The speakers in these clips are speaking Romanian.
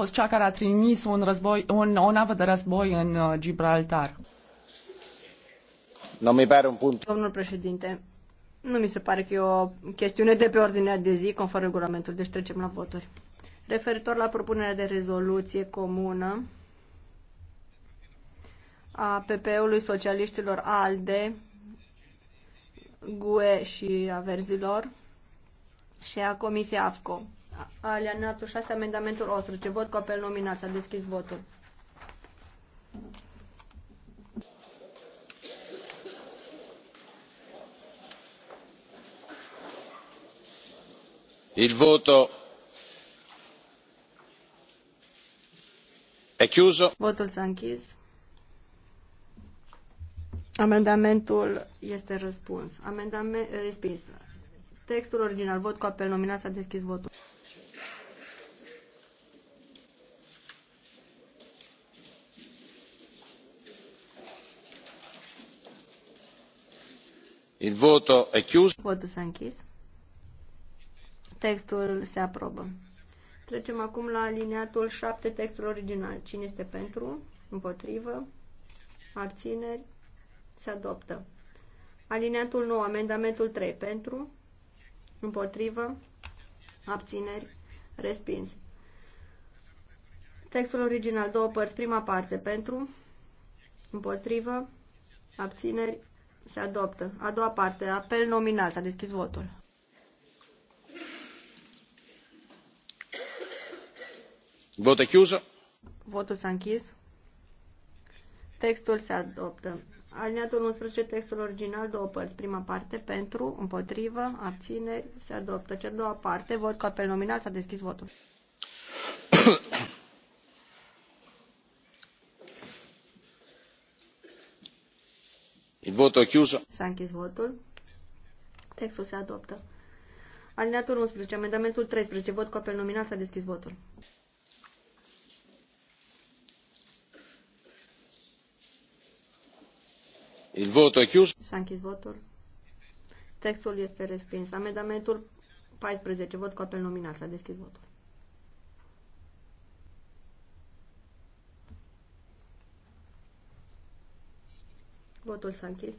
fost cea care a trimis un război, un, o navă de război în uh, Gibraltar. Nu mi pare un punct. Domnul președinte, nu mi se pare că e o chestiune de pe ordinea de zi, conform regulamentului deci trecem la voturi. Referitor la propunerea de rezoluție comună a PP-ului socialiștilor ALDE, GUE și a verzilor și a Comisiei AFCO alianatul 6, amendamentul Ce Vot cu apel nominal. S-a deschis votul. Il voto è chiuso. Votul s-a închis. Amendamentul este răspuns. Amendament respins. Textul original. Vot cu apel nominal. S-a deschis votul. Il voto è chiuso. Votul s-a închis. Textul se aprobă. Trecem acum la aliniatul 7, textul original. Cine este pentru? Împotrivă? Abțineri? Se adoptă. Aliniatul 9, amendamentul 3. Pentru? Împotrivă? Abțineri? Respins. Textul original, două părți. Prima parte, pentru? Împotrivă? Abțineri? Se adoptă. A doua parte, apel nominal. S-a deschis votul. Vot e chiuso. Votul s-a închis. Textul se adoptă. Alineatul 11, textul original, două părți. Prima parte, pentru, împotrivă, abține, se adoptă. Cea doua parte, vot cu apel nominal, s-a deschis votul. votul chiuso. S-a închis votul. Textul se adoptă. Alineatul 11, amendamentul 13, vot cu apel nominal, s-a deschis votul. Il voto è chiuso. S-a închis votul. Textul este respins. Amendamentul 14, vot cu apel nominal, s-a deschis votul. Votul s-a închis.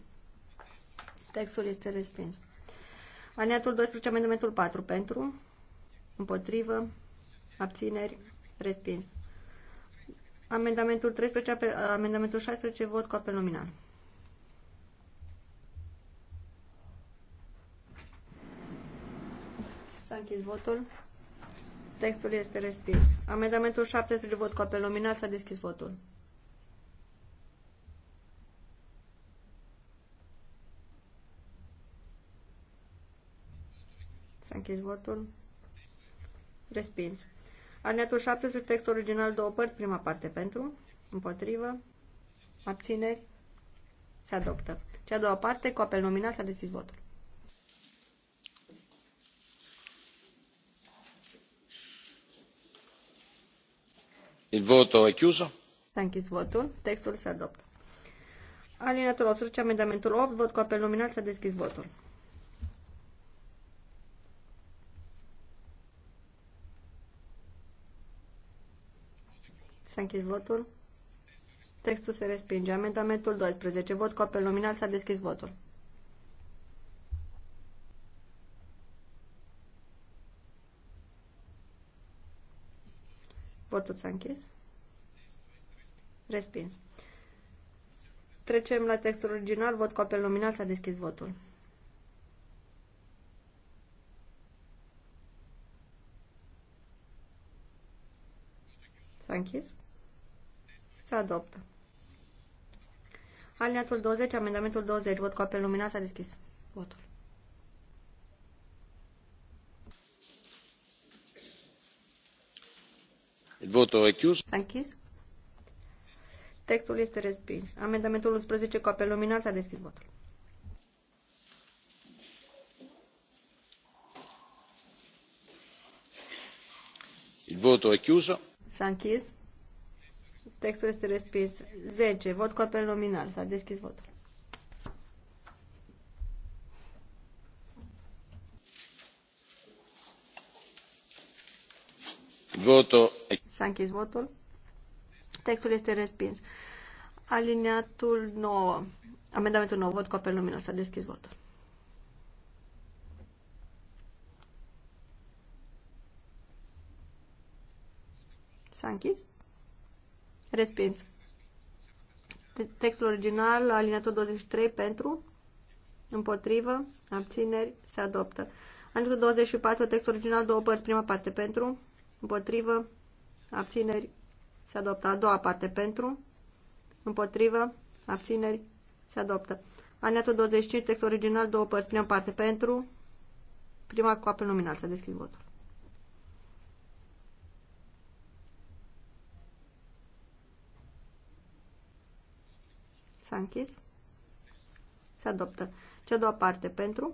Textul este respins. Aliniatul 12, amendamentul 4. Pentru, împotrivă, abțineri, respins. Amendamentul 13, amendamentul 16, vot cu apel nominal. S-a închis votul. Textul este respins. Amendamentul 17, vot cu apel nominal, s-a deschis votul. închis votul. Respins. Alineatul 17, text original, două părți, prima parte pentru, împotrivă, abțineri, se adoptă. Cea a doua parte, cu apel nominal, s-a deschis votul. Il voto è chiuso. S-a închis votul. Textul se adoptă. Alineatul 18, amendamentul 8, vot cu apel nominal, s-a deschis votul. Să închizi votul. Textul se respinge. Amendamentul 12. Vot cu apel nominal. S-a deschis votul. Votul s-a închis. Respins. Trecem la textul original. Vot cu apel nominal. S-a deschis votul. închis. Se adoptă. Aliatul 20, amendamentul 20. Vot cu apel luminat s-a deschis. Votul. Votul e chius. Închis. Textul este respins. Amendamentul 11 cu apel luminat s-a deschis votul. Votul e chiuso. S-a închis. Textul este respins. 10. Vot cu apel nominal. S-a deschis votul. S-a închis votul. Textul este respins. Aliniatul 9. Amendamentul 9. Vot cu apel nominal. S-a deschis votul. S-a închis? Respins. Textul original, alineatul 23 pentru, împotrivă, abțineri, se adoptă. Alineatul 24, text original, două părți, prima parte pentru, împotrivă, abțineri, se adoptă. A doua parte pentru, împotrivă, abțineri, se adoptă. Alineatul 25, text original, două părți, prima parte pentru, prima coapă nominal, s-a deschis votul. închis. Se adoptă. Cea doua parte pentru,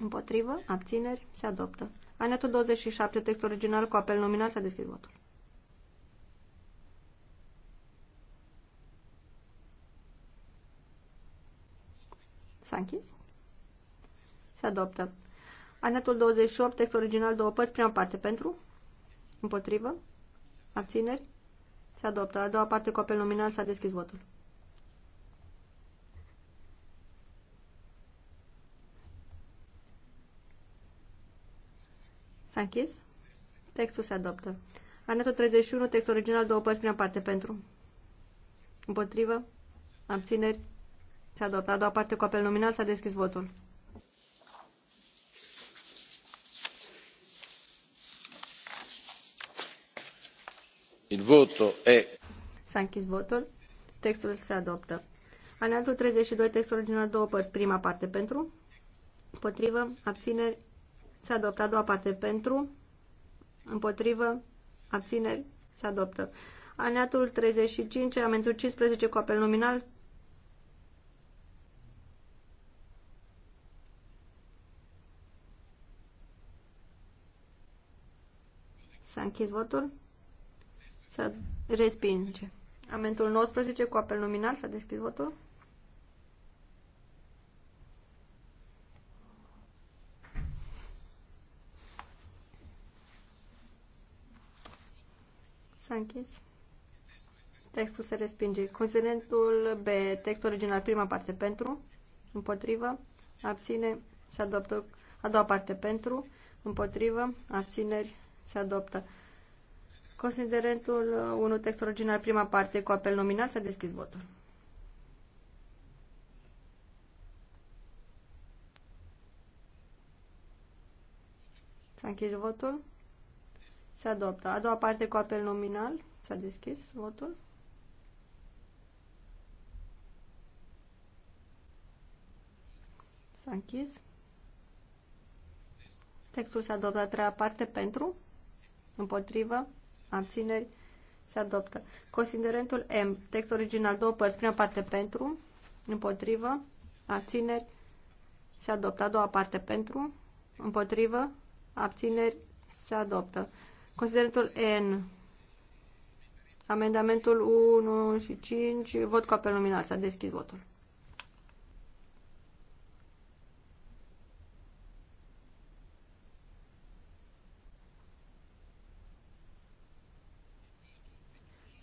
împotrivă, abțineri, se adoptă. Anetul 27, text original cu apel nominal, s-a deschis votul. S-a închis? Se adoptă. Anetul 28, text original, două părți, prima parte pentru, împotrivă, abțineri, se adoptă. A doua parte cu apel nominal s-a deschis votul. S-a închis? Textul se adoptă. Anetul 31, text original, două părți, prima parte pentru. Împotrivă? Abțineri? Se adoptă. A doua parte cu apel nominal s-a deschis votul. Il voto è... S-a închis votul. Textul se adoptă. Anetul 32, textul original, două părți. Prima parte pentru, împotrivă, abțineri, se adoptă a doua parte pentru, împotrivă, abțineri, se adoptă. Aneatul 35, amendul 15 cu apel nominal. S-a închis votul. S-a respinge. Amendul 19 cu apel nominal. S-a deschis votul. închis. Textul se respinge. Considerentul B, text original, prima parte pentru, împotrivă, abține, se adoptă. A doua parte pentru, împotrivă, abțineri, se adoptă. Considerentul 1, text original, prima parte, cu apel nominal, s-a deschis votul. S-a închis votul. Se adoptă. A doua parte cu apel nominal. S-a deschis votul. S-a închis. Textul se adoptă a treia parte pentru, împotrivă, abțineri, se adoptă. Considerentul M, text original, două părți, prima parte pentru, împotrivă, abțineri, se adoptă. A doua parte pentru, împotrivă, abțineri, se adoptă. Considerentul N. Amendamentul 1 și 5. Vot cu apel nominal. S-a deschis votul.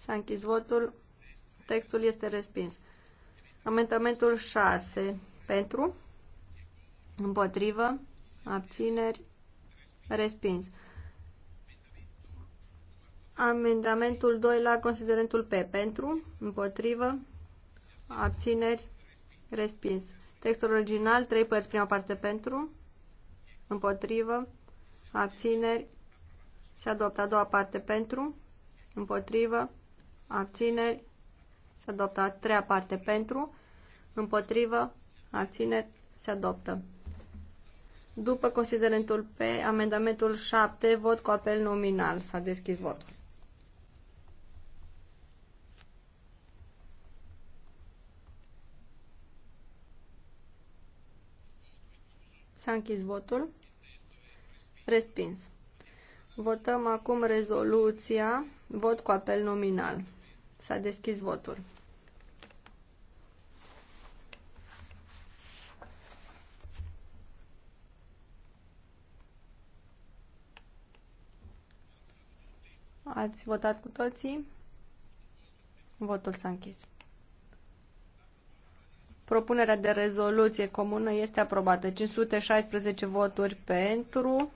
S-a închis votul. Textul este respins. Amendamentul 6. Pentru. Împotrivă. Abțineri. Respins. Amendamentul 2 la considerentul P. Pentru, împotrivă, abțineri, respins. Textul original, 3 părți, prima parte pentru, împotrivă, abțineri, se adoptă a doua parte pentru, împotrivă, abțineri, se adoptă a treia parte pentru, împotrivă, abțineri, se adoptă. După considerentul P, amendamentul 7, vot cu apel nominal. S-a deschis votul. S-a închis votul. Respins. Votăm acum rezoluția. Vot cu apel nominal. S-a deschis votul. Ați votat cu toții? Votul s-a închis. Propunerea de rezoluție comună este aprobată. 516 voturi pentru.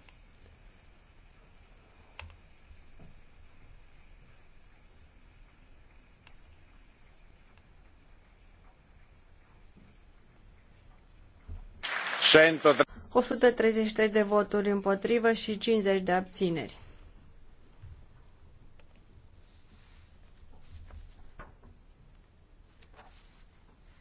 o și de voturi împotrivă și 50 de abțineri.